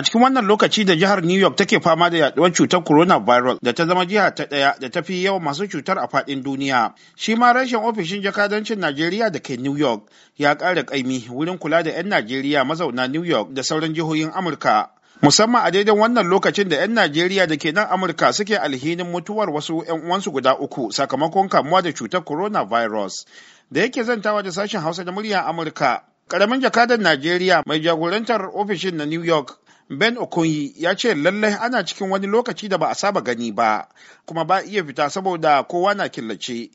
A cikin wannan lokaci da jihar New York take fama da yaduwar cutar Corona coronavirus da ta zama jiha ta ɗaya da ta fi yawan masu cutar a faɗin duniya. Shi ma rashin ofishin jakadancin Najeriya da ke New York ya kara kaimi wurin kula da 'yan Najeriya mazauna New York da sauran jihohin Amurka. Musamman a daidai wannan lokacin da 'yan Najeriya da ke nan Amurka suke alhinin mutuwar wasu 'yan uwansu guda uku sakamakon kamuwa da cutar Corona Virus Da yake zantawa da sashen Hausa da murya Amurka, Karamin jakadar Najeriya mai jagorantar ofishin na New York, Ben Okunyi ya ce lallai ana cikin wani lokaci da ba a saba gani ba, kuma ba iya fita saboda kowa na killace.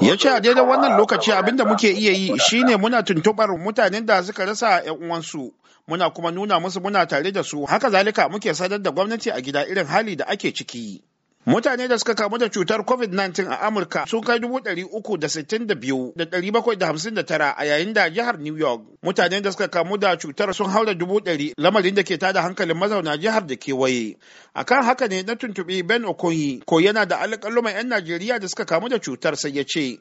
Ya ce a daidai wannan lokaci da muke iya yi shine muna tuntubar mutanen da suka rasa 'yan uwansu. Muna kuma nuna musu muna tare da su, haka zalika muke sadar da gwamnati a gida irin hali da ake ciki. Mutane da suka kamu da cutar COVID-19 a Amurka sun kai 362,759 a yayin da jihar New York. Mutane da suka kamu da cutar sun haura dari. lamarin da ke tada hankalin mazauna jihar da kewaye. kan haka ne na tuntuɓi Ben Okoyi ko yana da alƙaluman 'yan Najeriya da suka kamu da cutar sai ya ce.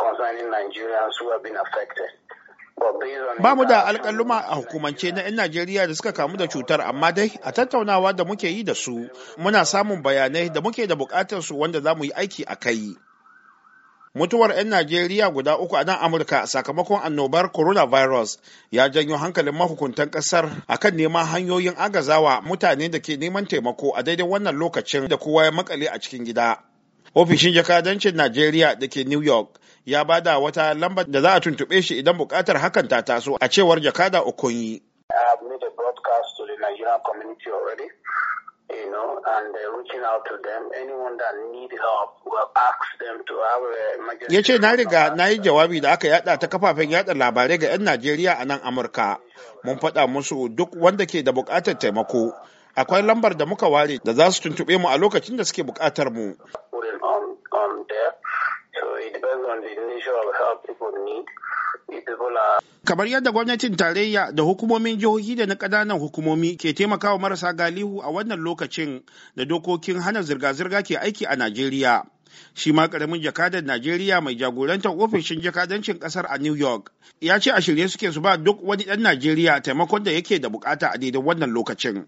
concerning Nigerians who have been affected. Ba mu da alƙaluma a hukumance na 'yan Najeriya da suka kamu da cutar amma dai a tattaunawa da muke yi da su muna samun bayanai da muke da buƙatar su wanda za mu yi aiki a kai. Mutuwar 'yan Najeriya guda uku a nan Amurka a sakamakon annobar coronavirus ya janyo hankalin mahukuntan ƙasar kan neman hanyoyin agazawa mutane da ke neman taimako a daidai wannan lokacin da kowa ya makale a cikin gida. Ofishin jakadancin Najeriya da ke New York ya bada wata lambar da za a tuntuɓe shi idan buƙatar hakan ta taso a cewar jakada Okonyi. Ya ce na riga na yi jawabi da aka yada ta kafafen yada labarai ga 'yan Najeriya a nan Amurka. Mun faɗa musu duk wanda ke da buƙatar taimako. Akwai lambar da muka ware da za su tuntuɓe mu a lokacin da suke buƙatar mu. Kamar yadda gwamnatin tarayya da hukumomin jihohi da na ƙananan hukumomi ke taimakawa marasa galihu a wannan lokacin da dokokin hana zirga-zirga ke aiki a Najeriya. Shi ma ƙaramin jakadan Najeriya mai jagorantar ofishin jakadancin ƙasar a New York ya ce a shirye suke su ba duk wani ɗan Najeriya taimakon da yake da bukata a daidai wannan lokacin.